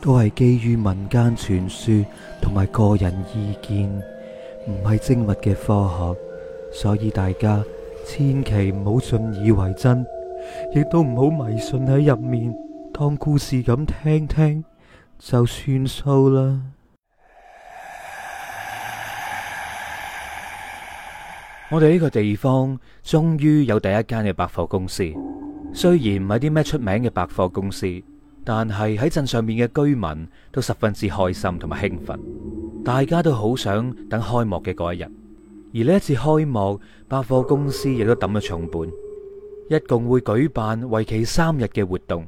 都係基於民間傳說同埋個人意見，唔係精密嘅科學，所以大家千祈唔好信以為真，亦都唔好迷信，喺入面當故事咁聽聽，就算數啦。我哋呢個地方終於有第一間嘅百貨公司，雖然唔係啲咩出名嘅百貨公司。但係喺鎮上面嘅居民都十分之開心同埋興奮，大家都好想等開幕嘅嗰一日。而呢一次開幕，百貨公司亦都抌咗重本，一共會舉辦為期三日嘅活動。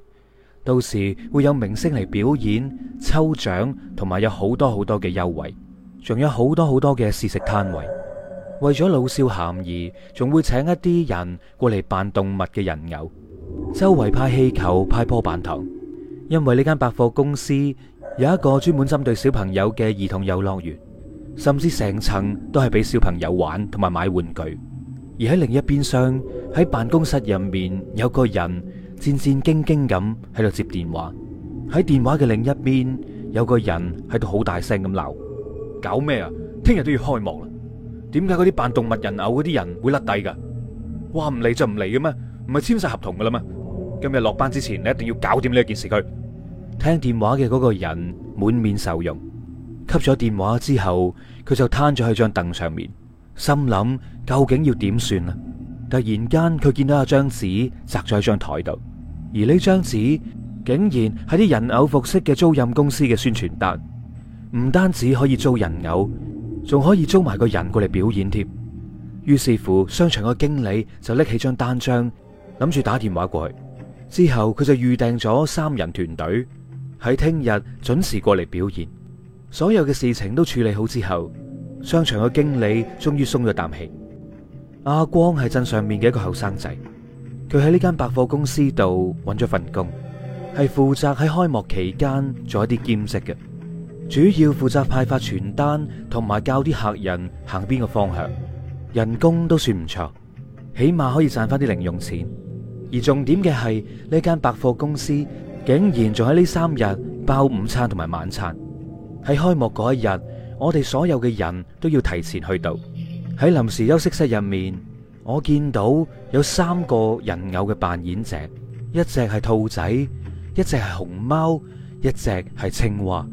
到時會有明星嚟表演、抽獎同埋有好多好多嘅優惠，仲有好多好多嘅試食攤位。為咗老少咸宜，仲會請一啲人過嚟扮動物嘅人偶，周圍派氣球、派波板糖。因為呢間百貨公司有一個專門針對小朋友嘅兒童遊樂園，甚至成層都係俾小朋友玩同埋買玩具。而喺另一邊廂，喺辦公室入面有個人戰戰兢兢咁喺度接電話，喺電話嘅另一邊有個人喺度好大聲咁鬧：搞咩啊？聽日都要開幕啦，點解嗰啲扮動物人偶嗰啲人會甩底噶？話唔嚟，就唔嚟嘅咩？唔係簽晒合同噶啦咩？今日落班之前，你一定要搞掂呢件事。佢聽電話嘅嗰個人滿面愁容，吸咗電話之後，佢就攤咗喺張凳上面，心諗究竟要點算啊！突然間，佢見到一張紙砸咗喺張台度，而呢張紙竟然係啲人偶服飾嘅租賃公司嘅宣傳單，唔單止可以租人偶，仲可以租埋個人過嚟表演添。於是乎，商場嘅經理就拎起張單張，諗住打電話過去。之後佢就預訂咗三人團隊喺聽日準時過嚟表演。所有嘅事情都處理好之後，商場嘅經理終於鬆咗啖氣。阿光係鎮上面嘅一個後生仔，佢喺呢間百貨公司度揾咗份工，係負責喺開幕期間做一啲兼職嘅，主要負責派發傳單同埋教啲客人行邊個方向，人工都算唔錯，起碼可以賺翻啲零用錢。而重點嘅係呢間百貨公司竟然仲喺呢三日包午餐同埋晚餐。喺開幕嗰一日，我哋所有嘅人都要提前去到。喺臨時休息室入面，我見到有三個人偶嘅扮演者，一隻係兔仔，一隻係熊貓，一隻係青蛙。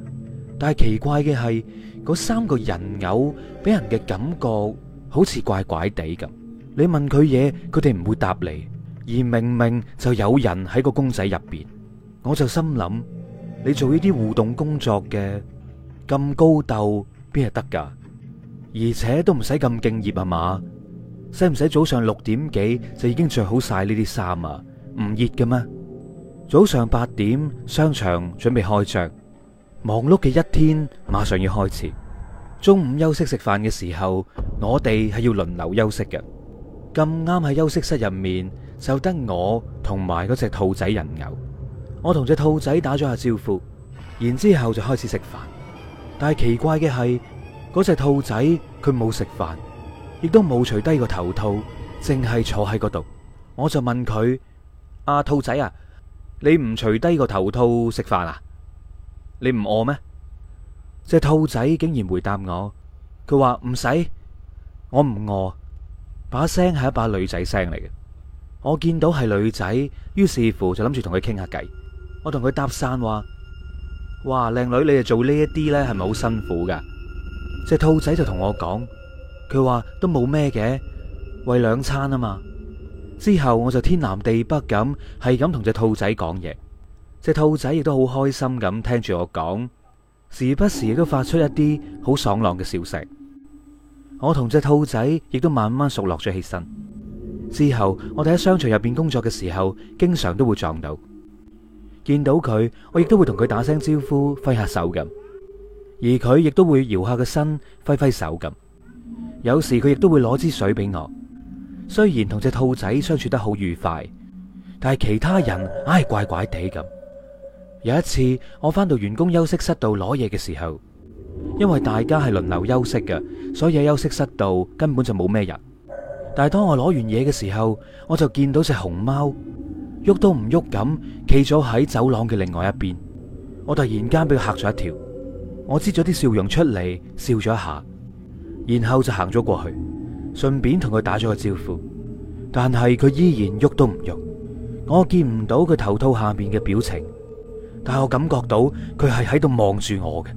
但係奇怪嘅係，嗰三個人偶俾人嘅感覺好似怪怪地咁。你問佢嘢，佢哋唔會答你。而明明就有人喺個公仔入邊，我就心諗：你做呢啲互動工作嘅咁高斗邊係得噶？而且都唔使咁敬業啊嘛，使唔使早上六點幾就已經着好晒呢啲衫啊？唔熱嘅咩？早上八點商場準備開張，忙碌嘅一天馬上要開始。中午休息食飯嘅時候，我哋係要輪流休息嘅。咁啱喺休息室入面。就得我同埋嗰隻兔仔人偶，我同隻兔仔打咗下招呼，然之後就開始食飯。但係奇怪嘅係，嗰隻兔仔佢冇食飯，亦都冇除低個頭套，淨係坐喺嗰度。我就問佢：阿、啊、兔仔啊，你唔除低個頭套食飯啊？你唔餓咩？隻兔仔竟然回答我：佢話唔使，我唔餓。把聲係一把女仔聲嚟嘅。我見到係女仔，於是乎就諗住同佢傾下偈。我同佢搭訕話：哇，靚女，你哋做呢一啲呢係咪好辛苦噶？隻兔仔就同我講，佢話都冇咩嘅，喂兩餐啊嘛。之後我就天南地北咁，係咁同隻兔仔講嘢。只兔仔亦都好開心咁聽住我講，時不時亦都發出一啲好爽朗嘅笑聲。我同隻兔仔亦都慢慢熟落咗起身。之後我哋喺商場入邊工作嘅時候，經常都會撞到。見到佢，我亦都會同佢打聲招呼，揮下手咁。而佢亦都會搖下個身，揮揮手咁。有時佢亦都會攞支水俾我。雖然同隻兔仔相處得好愉快，但係其他人唉怪怪地咁。有一次我翻到員工休息室度攞嘢嘅時候，因為大家係輪流休息嘅，所以喺休息室度根本就冇咩人。但係當我攞完嘢嘅時候，我就見到隻熊貓喐都唔喐咁企咗喺走廊嘅另外一邊。我突然間俾佢吓咗一跳，我擠咗啲笑容出嚟，笑咗一下，然後就行咗過去，順便同佢打咗個招呼。但係佢依然喐都唔喐，我見唔到佢頭套下面嘅表情，但係我感覺到佢係喺度望住我嘅。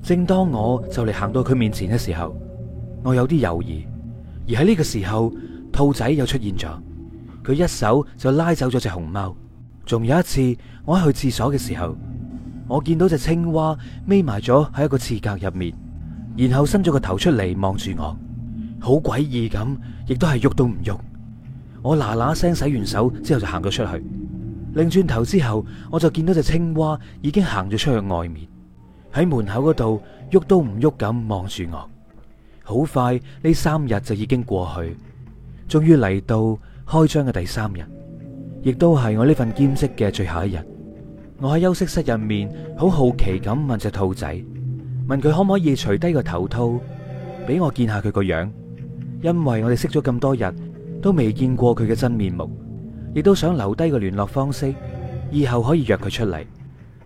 正當我就嚟行到佢面前嘅時候，我有啲猶豫。而喺呢個時候，兔仔又出現咗，佢一手就拉走咗隻熊貓。仲有一次，我去廁所嘅時候，我見到隻青蛙匿埋咗喺一個廁格入面，然後伸咗個頭出嚟望住我，好詭異咁，亦都係喐都唔喐。我嗱嗱聲洗完手之後就行咗出去，擰轉頭之後，我就見到隻青蛙已經行咗出去外面，喺門口嗰度喐都唔喐咁望住我。好快呢三日就已經過去，終於嚟到開張嘅第三日，亦都係我呢份兼職嘅最後一日。我喺休息室入面，好好奇咁問隻兔仔，問佢可唔可以除低個頭套，俾我見下佢個樣，因為我哋識咗咁多日，都未見過佢嘅真面目，亦都想留低個聯絡方式，以後可以約佢出嚟。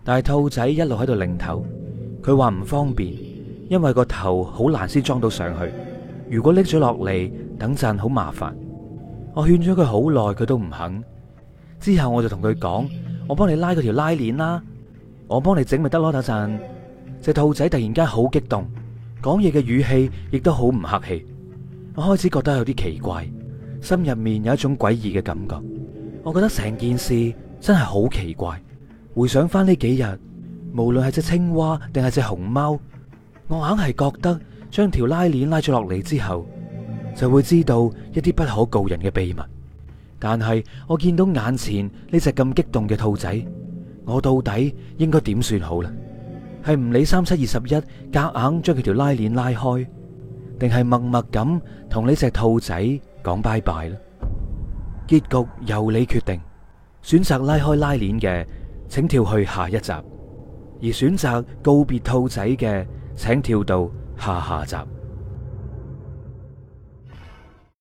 但係兔仔一路喺度擰頭，佢話唔方便。因為個頭好難先裝到上去，如果拎咗落嚟，等陣好麻煩。我勸咗佢好耐，佢都唔肯。之後我就同佢講，我幫你拉嗰條拉鏈啦，我幫你整咪得咯。等陣隻兔仔突然間好激動，講嘢嘅語氣亦都好唔客氣。我開始覺得有啲奇怪，心入面有一種詭異嘅感覺。我覺得成件事真係好奇怪。回想翻呢幾日，無論係隻青蛙定係隻熊貓。我硬係覺得將條拉鏈拉咗落嚟之後，就會知道一啲不可告人嘅秘密。但係我見到眼前呢隻咁激動嘅兔仔，我到底應該點算好呢？係唔理三七二十一，夾硬將佢條拉鏈拉開，定係默默咁同呢隻兔仔講拜拜呢？結局由你決定。選擇拉開拉鏈嘅，請跳去下一集；而選擇告別兔仔嘅，請跳到下下集。